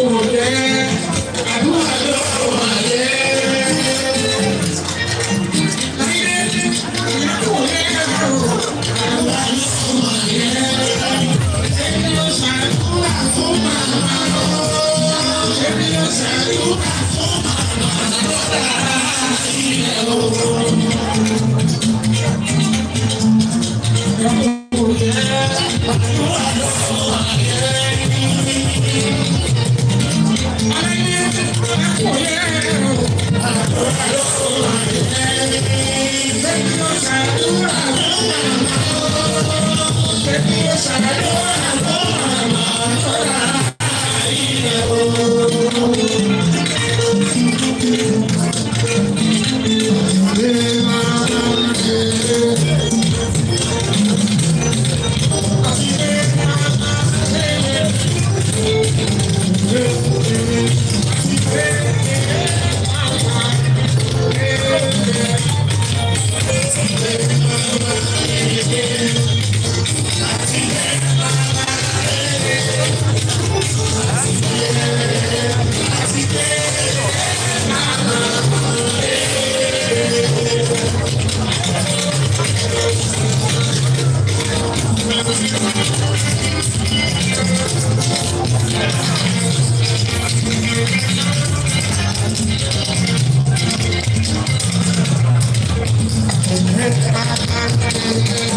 Oh damn. Hello. Thank you.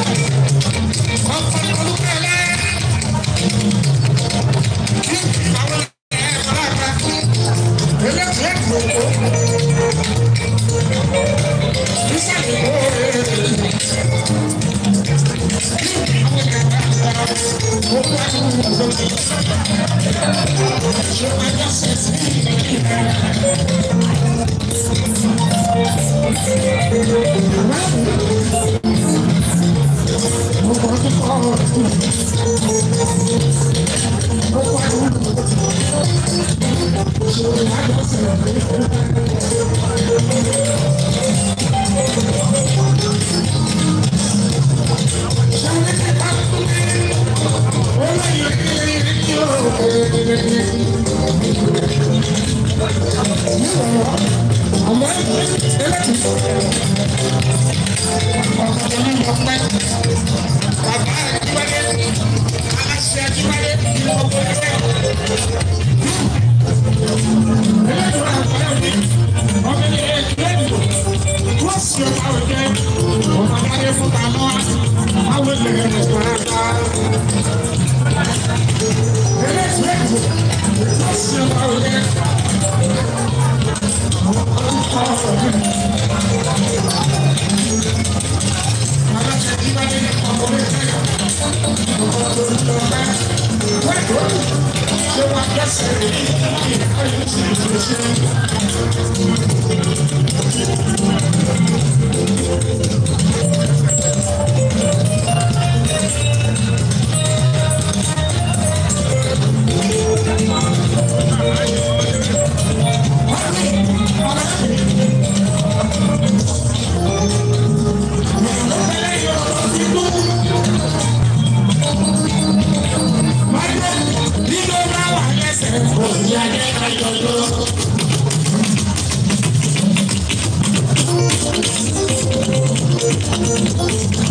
Thank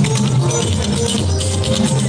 you.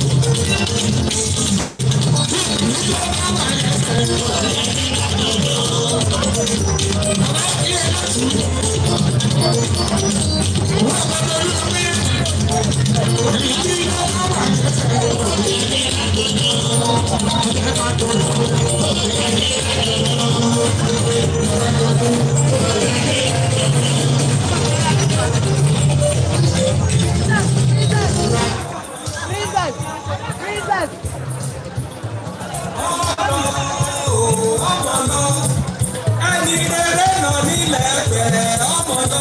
ẹni rere nà nílẹ̀ bẹ̀rẹ̀ ọmọ náà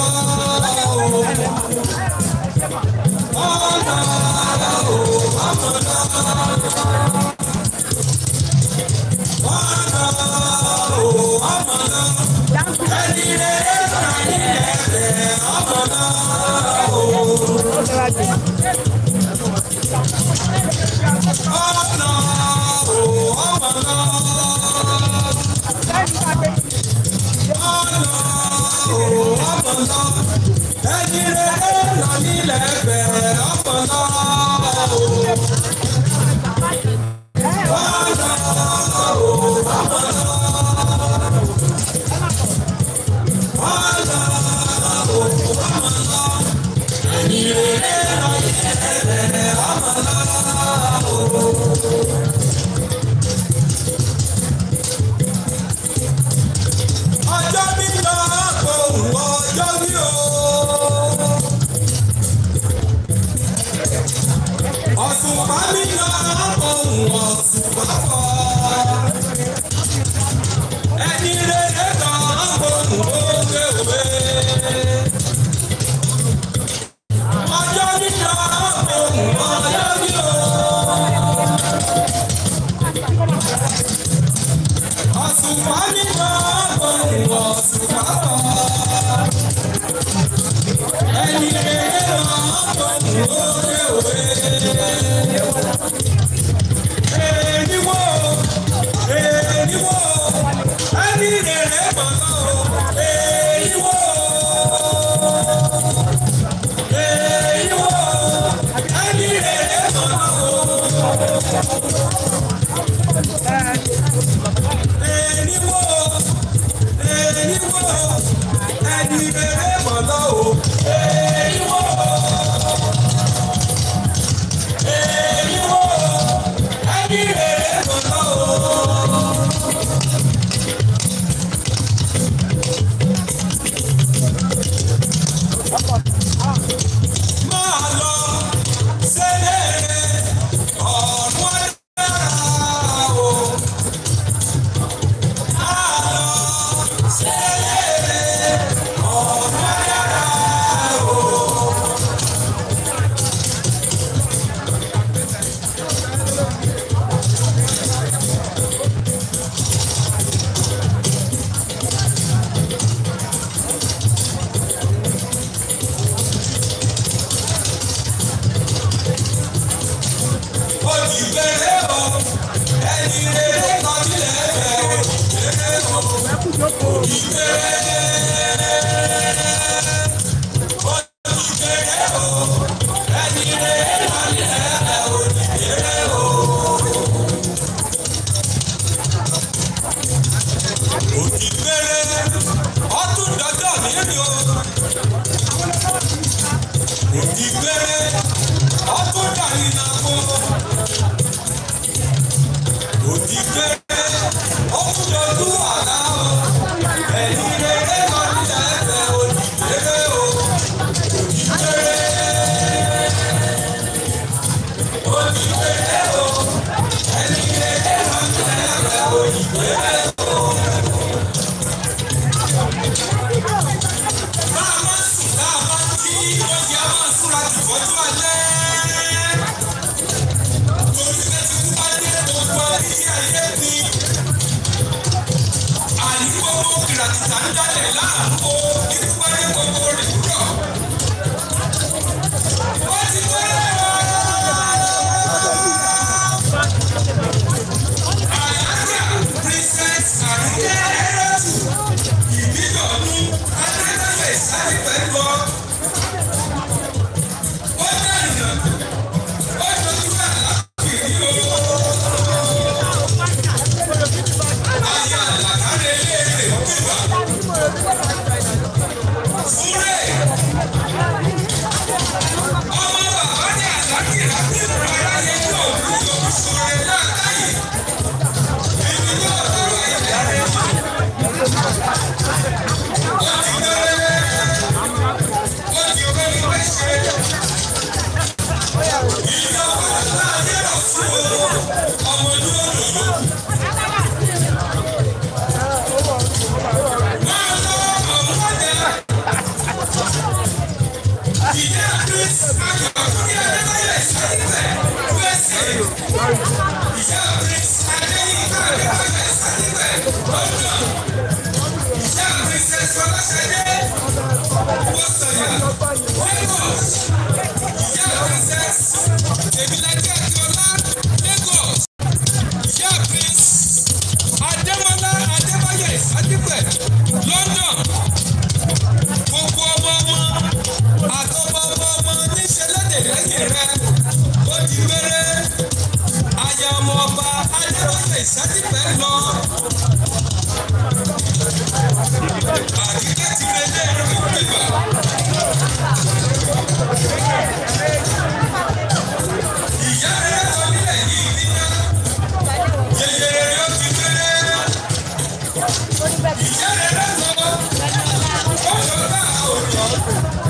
o. ọ̀nà ara o ọmọ náà. ọ̀nà o ọmọ náà. ẹni rere nà nílẹ̀ bẹ̀rẹ̀ ọmọ náà o. Ọ̀sùn bá mi lọ ọ̀hún ọ̀sùn. Dios. ìwọ́n ti a máa súra jù bọ́jú àjẹ́. Obrigado.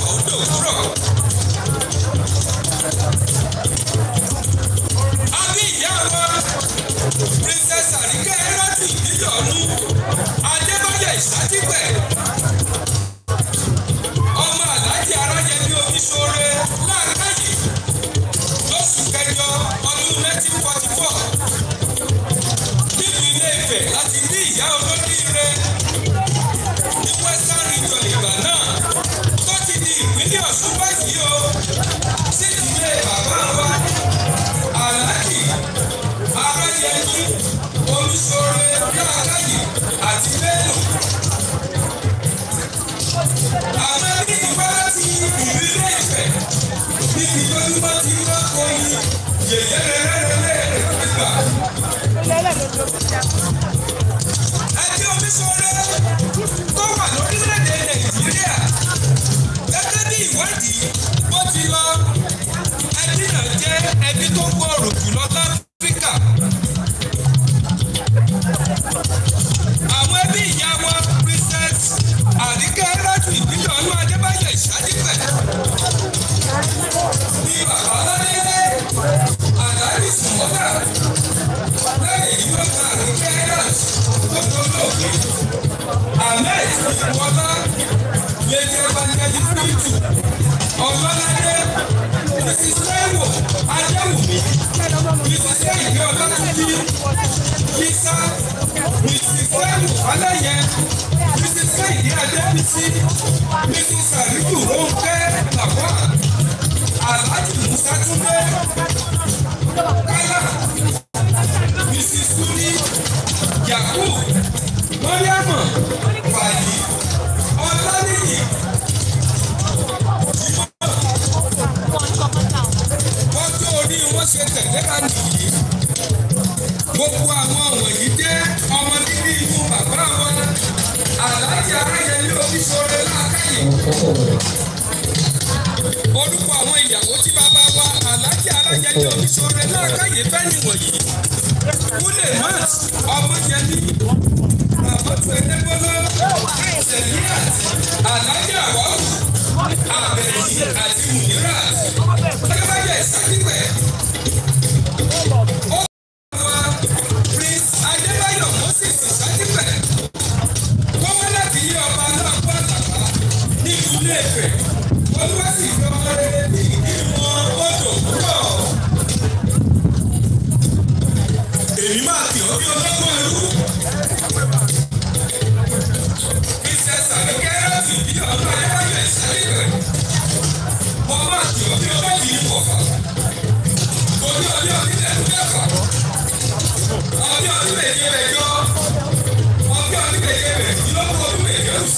Jadi jangan ada, ada, ada, ada, Vamos ver, vamos ver, vamos ver. Suleimat Ọmọyẹmí Ramọ́tò Ẹdẹ́gbọ́lá Ṣèlíyàt Alájà Wọ́ọ̀kù Àbẹ̀yìn àti Mùdírà Tẹ́lẹ́bàjẹ́ Ìsàkípẹ̀.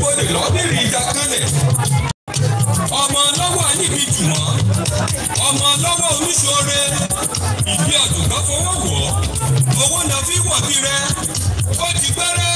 ibodè lọ́bìrì ìjà kanlẹ̀ ọmọ lọ́wọ́ níbi jùmọ̀ ọmọ lọ́wọ́ oníṣòre ìdí ọ̀dùnkàn fọwọ́ wọ̀ owó náà wọ̀ bí rẹ ó ti pẹ́rẹ́.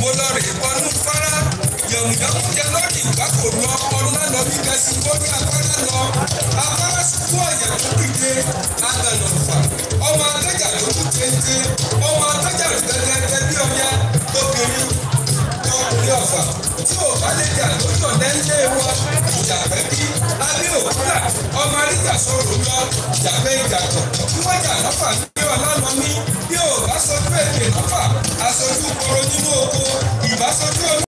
mo lọ rè ọdún fárá yàmùyàmù jẹ lórí ìgbà kò lọ ọlá lọ bí gẹ̀ẹ́sì lórí afárá lọ afárá sùkú ọ̀yẹ̀ tó dìde àgànà ọ̀fà ọmọ adájà tó kú téńté ọmọ adájà tó dẹ́dẹ́dẹ́ bí ọ̀yá lóbìnrin ọkùnrin ọ̀fà tí ò bá lè jà lójọ lẹ́lẹ́ wọn ìjà pẹ́ bí abẹ́ òkúta ọmọ aríjà sọ̀rọ̀ lọ ìjà pẹ́ ìjà tọ̀